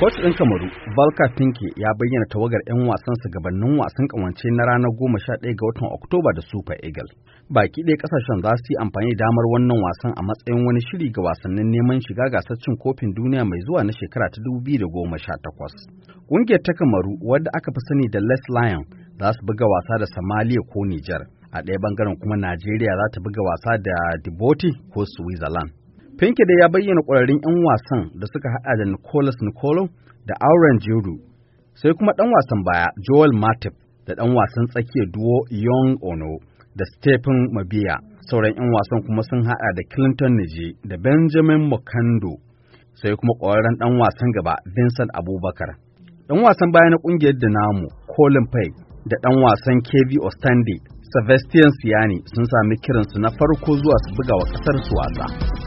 Coach ɗin Kamaru, Balka Pinke ya bayyana tawagar 'yan wasansa gabanin wasan kawance na ranar goma sha ɗaya ga watan Oktoba da Super Eagles. Baki ɗaya ƙasashen za su yi amfani da damar wannan wasan a matsayin wani shiri ga wasannin neman shiga gasar cin kofin duniya mai zuwa na shekara ta da goma sha takwas. Ƙungiyar ta Kamaru, wadda aka fi sani da Les Lion, za su buga wasa da Somalia ko Nijar. A ɗaya bangaren kuma Najeriya za ta buga wasa da Djibouti ko Switzerland. Finke da ya bayyana ƙwararrun 'yan wasan da suka haɗa da Nicholas Nicolo da Auren Jiru, sai kuma ɗan wasan baya Joel Matip da ɗan wasan tsakiyar duwo Young Ono da Stephen Mabia Sauran 'yan wasan kuma sun haɗa da Clinton Niji da Benjamin Mokando, sai kuma ƙwararren ɗan wasan gaba Vincent Abubakar. Ɗan wasan baya na ƙungiyar Dinamo Colin Pay da ɗan wasan KV Ostande Sebastian Siani sun sami kiransu na farko zuwa su buga wa ƙasarsu wasa.